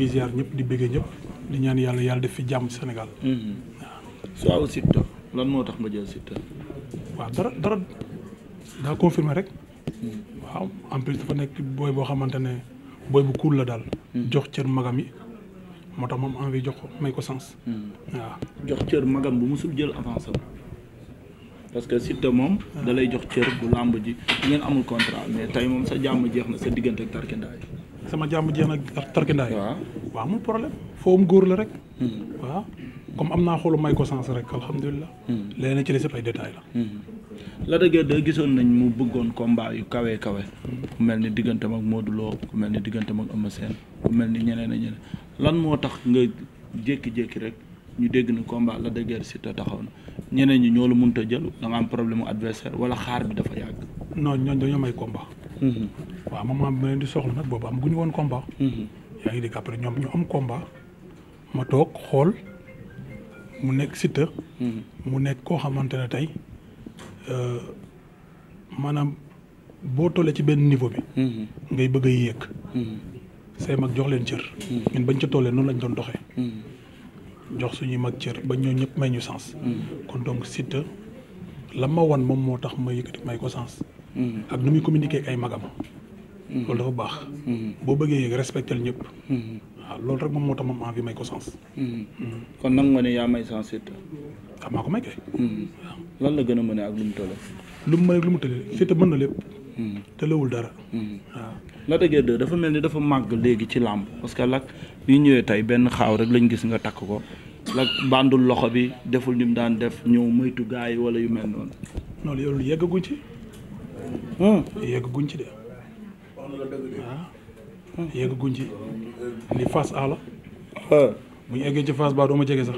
ngi ziar ñëpp di bëggee ñëpp di ñaan yàlla yàlla def fi jàmm ci Sénégal. Mm-hmm. waaw soo Siteu lan moo tax ma jël Siteu. waaw dara dara daa rek. Mm-hmm. waaw en plus dafa boo xamante ne booy bu cool la daal. Mm-hmm. jox cër magam yi moo tax moom envie jox ko may ko sens. waaw jox cër magam bu musul jël avance parce que Siteu moom. Ah. dalay jox cër bu làmb ji ngeen amul contrat mais tey moom sa jàmm jeex na sa diggante ak tarkindaay. sama jàmm jeex na ak tarkindaay. waaw amul problème mu góor la rek. Hmm. waaw comme am naa xoolu may ko sens rek alhamdulilah. Hmm. leneen ci li sëpp ay détails la. Hmm. Lac de Guiers gisoon nañ mu bëggoon combat yu kawee kawe. ku mel ni digganteem ak Modou Lo ku mel ni diggante ak Eumeu Sène ku mel ni ñeneen ak lan moo tax nga jékki-jékki rek ñu dégg na combat Lac de Guiers taxaw na ñeneen ñi ñoo la jël da am problème mu adversaire wala xaar bi dafa yàgg. non ñooñu dañoo may combat. waaw moment bi ma leen di soxla nag boobu amaguñu woon combat. yaa ngi dégg après ñoom ñu am combat ma toog xool mu nekk Siteu. Mm-hmm. mu nekk koo xamante ne tey euh, maanaam boo tollee ci benn niveau bi. Mm-hmm. ngay bëgg a yéeg. Mm-hmm. say mag jox leen cër. ñun bañ ca tollee noonu lañ doon doxee. jox suñuy mag cër ba ñoo ñëpp may ñu sens. kon donc Siteu la ma wan moom moo tax ma yëkkati may ko sens. ak nu muy communiquer ay magam. Mm-hmm. loolu dafa baax. Mm-hmm. boo bëggee yëg respecté ñëpp. Mm-hmm. waaw loolu rek moom moo tax moom envie may ko sens. kon nangu nga ne yaa may sens Siteu. ah maa ko may kay. lan la gën a mën a ak lu mu toll. lu mu mën ak lu mu toll Siteu mën na lépp. te lewul dara. waaw Lac de Guiers 2 dafa mel ni dafa màgg léegi ci làmb parce que Lac yu ñëwee tey benn xaaw rek lañ gis nga takk ko Lac bandul loxo bi deful ni mu daan def ñëw moytu gars yi wala yu mel noonu. non loolu yeggaguñ ci. yeggaguñ ci de. waaw ah. yeggaguñ ci li face A la. Ah. bu ñu eggee ci face ba doo ma jege sax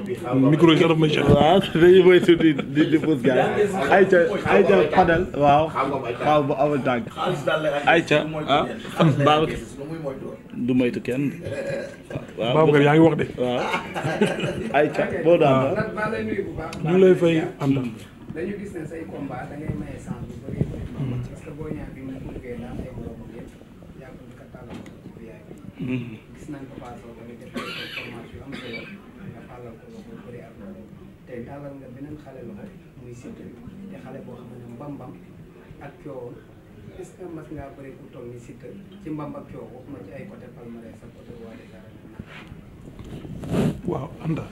micro yi sax daf may jege. waaw dañuy mooy suuf di di di pousse gars yi ayca ayca xaw bu awal tànk ayca ah Babacar du moytu kenn waaw Babacar yaa ngi wax de waaw ayca boo daan ah. ñu lay fay am gis nañ ko Papa Sow tamit def formation am solo nga waaw Anta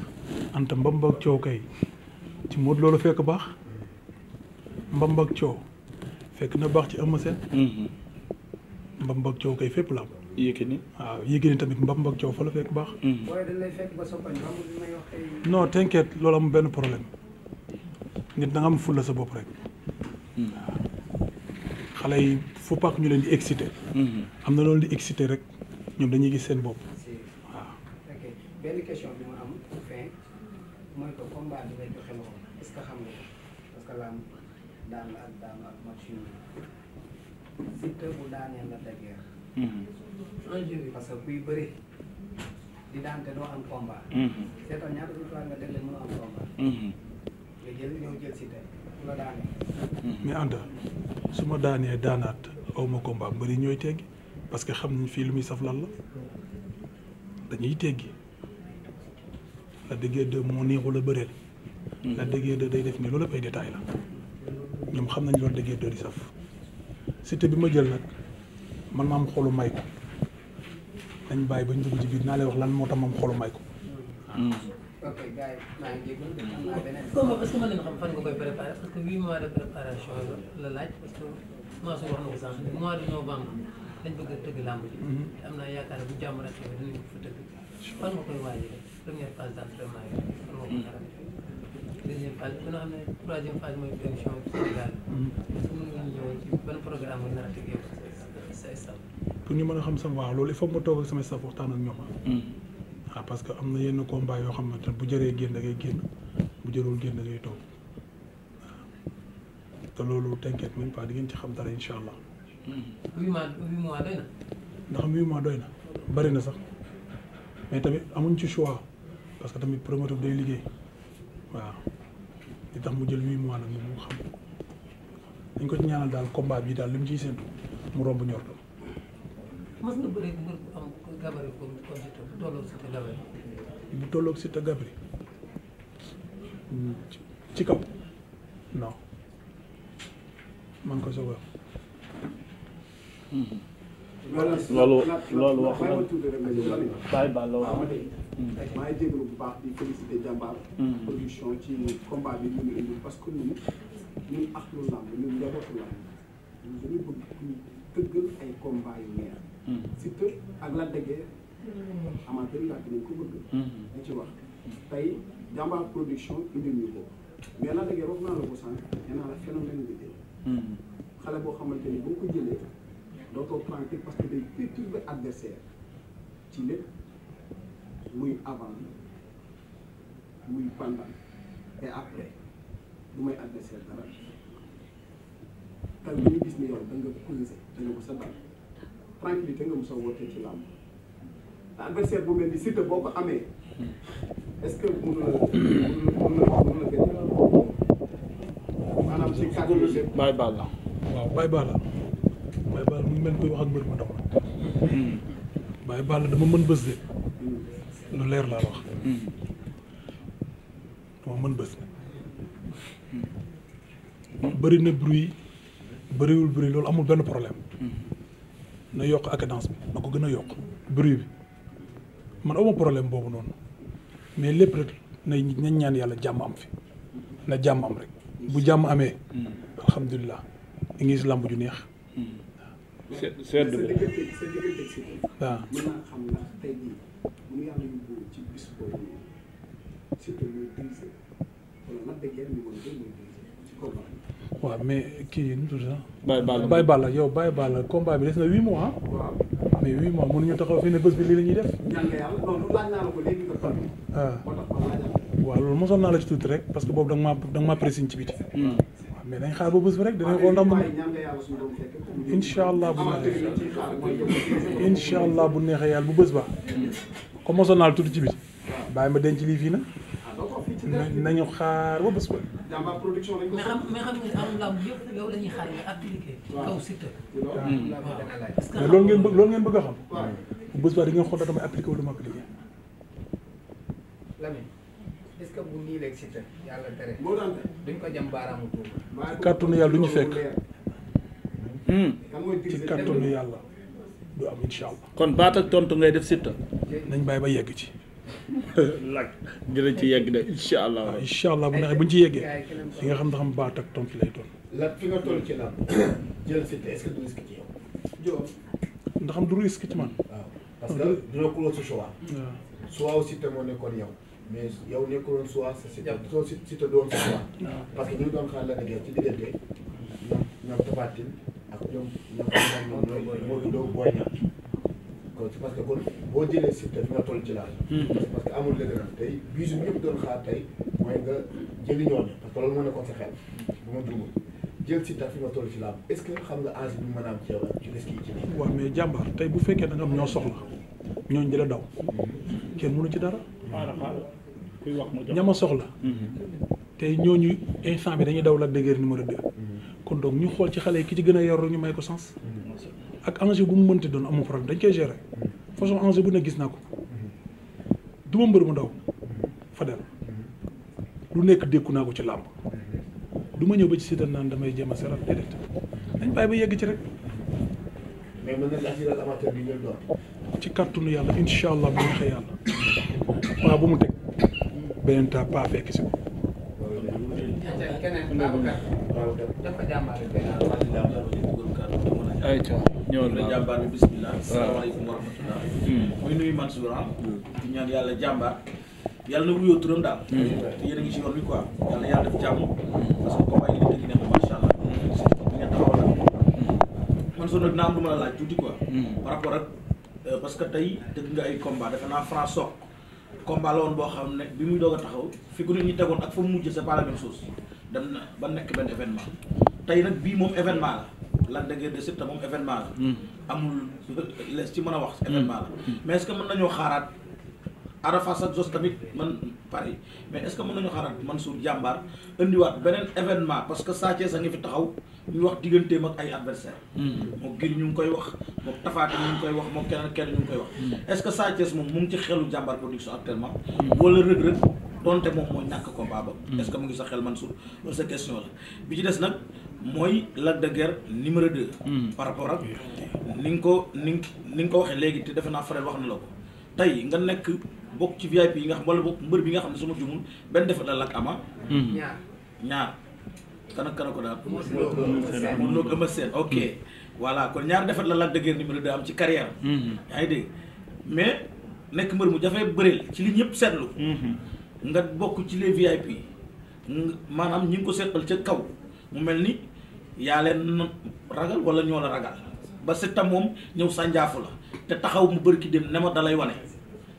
Anta mbamba ak coow kay ci Modou loolu fekk baax mbamba ak coow fekk na baax ci Eumeu Sène mm-hmm. mbamba ak coow kay fépp la am Yékini waaw Yékini tamit mbab mbag coow fa la fekk baax. Hmm. waaye dañ loolu am benn problème nit da nga am fulla sa bopp rek. Hmm. xale yi faut pas ñu leen di excité. Hmm. am na loolu di excité rek ñoom dañuy gis seen bopp waaw. bi ma am fin mooy que combat bi que xam nga parce que la ak daan la ak match yu Mm-hmm. enjeu bi parce que mm-hmm. mm-hmm. mais Anta su ma daanee daanaat aw ma combat mbëri ñooy teggi parce que xam nañ fii lu muy saf lan la dañuy teggi la déggee de moo neexul a bëreel. la déggee de day def ni loolu ay détail la ñoom xam nañ loolu déggee de di saf cité bi ma jël nag. man ma am xolu may ko dañ bàyyi ba ñu dugg ci biir naa lay wax lan moo tax ma am xolu may ko. ok gars yi maa xam que mën nañu xam fan nga koy préparé parce que huit de préparation la laaj parce que maa su wax na ko sànq mois de a tëgg làmb ji. Mhm. fan mhm. programme nga nar say staff pour ñu mën a xam sama waaw loolu il faut ma toog ak sama staff waxtaan ak ñoo hmm. ah parce que am na yenn combat yoo xamante ne bu jëree génn da génn bu jërul génn da ngay toog waaw te loolu t'inquiète même pas di ngeen ci xam dara incha allah. Hmm. huit mois huit doy na. ndax huit mois doy na bari na sax mais tamit amuñ ci choix parce que tamit promoteur day liggéey waaw li mu jël huit mois nag moom moo xam dañ ko ci ñaanal daal combat bii daal li mu ciy séntu. mu romb ñortam. mës nga bëri mbër bu am gabarit comme ci kaw non man ko soog a. Hmm. loolu loolu wax na Baye Ba la wax. maa bu baax di félicité jàmbaar. Hmm. production ci combat bi ñu ngi indi parce que ñun ak lu làmb ñun njabootu làmb ñun tëggal ay combat yu neex. Hmm. Siteu ak Lac de Guiers. Hmm. amateur yi laaj nañ ko hmm. ci wax tey jàmbaar production indil ñu ko mais Lac de Guiers wax naa la ko sànq nee xale boo xamante ni boo ko jëlee dootoo planté parce que day perturbe adversaire ci lépp muy avant muy pendant et après du may dara. taw bi ñu gis ne yow da mel ni boo ko amee est-ce koy wax ak mbër mu ndaw Baye Balla dama mën bés de lu leer laa wax dama mën bés bëri na bruit bariwul bëri loolu amul benn problème mm-hmm. na yokk ak cadence bi na ko gën a yokk bruit bi man amoo problème boobu noonu mais lépp rek nay nañ ñaan yàlla jàmm am fi na jàmm am rek bu jàmm amee mm-hmm. alhamdulilah di ngi làmb ju neex mm-hmm. sedd bi waaw waaw mais kii nu tudd sax. Baye Balla yow Baye Balla combat bi des na huit mois. waaw mais huit mois mënuñu taxaw fii ne bés bi lii lañuy ñuy def. ñaan nga ah. loolu naa mosoon naa la ci tuuti rek parce que boobu da nga maa da nga maa pressing ci biti. Hmm. waaw mais dañ xaar ba bés bi rek dinañ ah, xool ndam. incha allah bu neexee incha allah bu neexee yàlla bu bës ba. Hmm. comme mosoon naa la tuuti ci biti. bàyyi ma denc lii fii na. nañu xaar ba bés ba. Damba production lañ ko. mais xam mais xam yëpp yow la ñuy xaar nga appliqué. kaw parce mm. que loolu ngeen bëgg loolu ngeen bëgg a xam. waaw bu bés ba da ngeen xool damay appliqué wala ma appliqué. Lamine est ce que bu ko jëm baaraamu tuuma. ci kàttanu yàlla du ñu fekk. Hmm. ci kàttanu yàlla du am incha allah. kon baat ak tontu ngay def Siteu. nañ bàyyi ba yegg ci. laaj dina ci yegg de incha allah. waaw incha allah bu ñu ci yeggee li nga xam ne xam baat ak tontu lay doon. lan fi nga toll ci lan jël fit est-ce que du risque ci yow. joo ndax am du ci man. waaw parce que dina ko woon sa choix. waaw nekkoon yow. mais yow nekkul woon choix sa si soo si si te doon sa choix. parce que ñu ngi doon xaar la dëgg ci diggante ñoom ak ñoom ñoom ñoom ñoom ñoom loolu parce que kon boo jëlee Siteu fi nga toll ci laaj. Hmm. parce que amul léeg-léeg tey bisu bi ñëpp doon xaar tey mooy nga jëli ñooñu parce que loolu moo nekkoon sa xel bu ma dugg fi nga toll ci ce que xam nga bi mën a am ci yow ci risque yi ci nekk. waaw mais jàmbaar tey bu fekkee da nga ñoo soxla ñooñu di la daw hmm. kenn mënu ci dara. Hmm. kuy wax ma ñama soxla. tey ñu instant bi dañuy daw la dëgër numéro 2. kon donc ñu xool ci xale yi ki ci gën a yor ñu may ko sens. ak enjeu bu mu mënti doon amul problème dañ koy gérer façon enjeu bu ne gis naa ko du mbër mu ndaw Fadel lu nekk dékku naa ko ci làmb du ma ñëw ba ci Siteu naan damay jéem a seral déedéet dañ bàyyi ba yegg ci rek. mais mën nañ ci kàttanu yàlla yàlla pas bu mu teg beneen temps pas fekk si ko. ñëwal la jàmbaar bi bisimilah. waaw salaamaaleykum wa rahmatulah. Hmm. muy nuyu Mansoura. Hmm. di ñaan yàlla jàmbaar. yàlla na wuyoo turam daal. Hmm. te yéen ngi ci yoon bi quoi yàlla yàlla def jàmm. parce que combat yi li dëgg neex macha allah. surtout ngeen taxawal ak. nag dina am lu ma la laaj tuuti quoi. par rapport ak euh, parce que tey dëgg nga ay combat defe naa franc soog. combat la woon boo xam ne bi muy doog a taxaw fi ku nit ñi tegoon ak fa mu mujj c'est pas la même chose dem na ba nekk benn événement tey nag bii moom événement Lac de Guiers de moom événement la. Hmm. amul ci mën a wax. Hmm. événement la hmm. mais est ce que mën nañoo xaaraat Ada Fass ak Zoss tamit man Paris mais est ce que mën nañoo xaaraat Mansour jàmbaar indiwaat beneen événement parce que Sa Thiès a ngi fi taxaw ñu wax digganteem ak ay adversaire moom Gris ñu ngi koy wax moom Tapha Tine ngi koy wax moom keneen keneen ñu ngi koy wax. est ce que Sa moom mu ngi ci xelu jàmbaar production actuellement. wala Reug Reug donte moom moo ñàkk combat ba. est ngi sa xel Mansour loolu sa question la bi ci des nag. mooy Lac de Guiers numéro 2. Hmm. rapport ak ni nga ko ni ni nga ko waxee léegi te defe naa faral wax na la ko tey nga nekk bokk ci VIP yi nga xam wala bokk mbër bi nga xam ne suma jumul benn defet la Lac ama. Hmm. ñaar kan ak kan ak ko daal. mën loo gëm seen ok hmm. voilà kon ñaar defet la Lac de Guiers numéro 2 am ci carrière ay ngi mais nekk mbër mu dafay bëreel ci li ñëpp seetlu. nga bokk ci les VIP maanaam ñi ngi ko seetal ca kaw mu mel ni. yaa leen ragal wala ñoo la ragal ba Siteu moom ñëw sànjaafu la te taxaw mu bërki dem ne ma da lay wane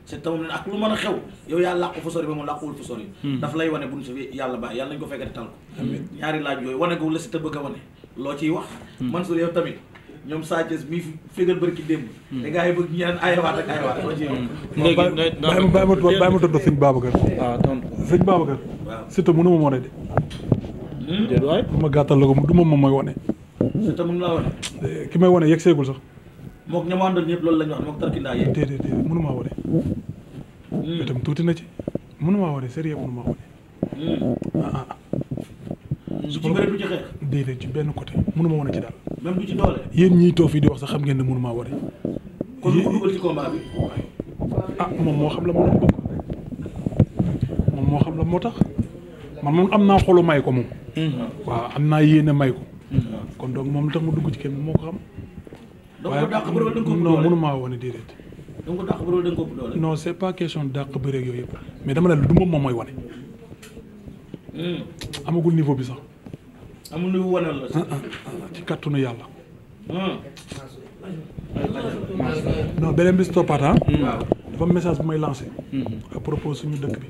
Siteu moom ak lu mën a xew yow yaa làqu fa sori ba mu làquwul fa sori hmm. daf lay wane buñ safi yàlla baax yàlla nañ ko fekkati tal ko ñaari laaj yooyu wane ko la Siteu bëgg a wane loo ciy wax hmm. Mansour yow tamit ñoom Sa Thiès mii fégal bërki démb da hmm. ngaa yi bëgg ñu naan ayawaat ak ayawaat loo ciy wax bàyyi ma bàyyi ma ah, de Hmm? déet waay ma gàttal la ko du moom moom mooy wane. Siteu ki may wone yegg seegul sax. moog ña ma àndal ñëpp loolu la ñu wax moog mënu maa wane. Hmm. tuuti na ci mënu maa wane sérieux mënu hmm. ah, ah, ah. ci déedéet ci benn côté mënu ma wane ci daal. même du ci yéen ñiy fii di wax sax xam ngeen ne mënu maa wane. ah moom moo xam la moo moo xam la moo tax man moom am naa xolu may ko moom. Mm-hmm. waaw am naa yéene may ko. Mm-hmm. kon donc moom la tax mu dugg ci kenn moo ko xam. waaye non mënumaa wane déedéet. donc dàq ko doole. non c' est pas question dàq bëre ak yooyu yëpp mais dama ne la du moom moom mooy wane. Mm. amagul niveau bi sax. amul niveau wane ah, ah, ah, ci kattanu yàlla. Mm. non beneen bis toppaat ah. Mm. dafa message bu may lancé. Mm-hmm. à propos suñu dëkk bi.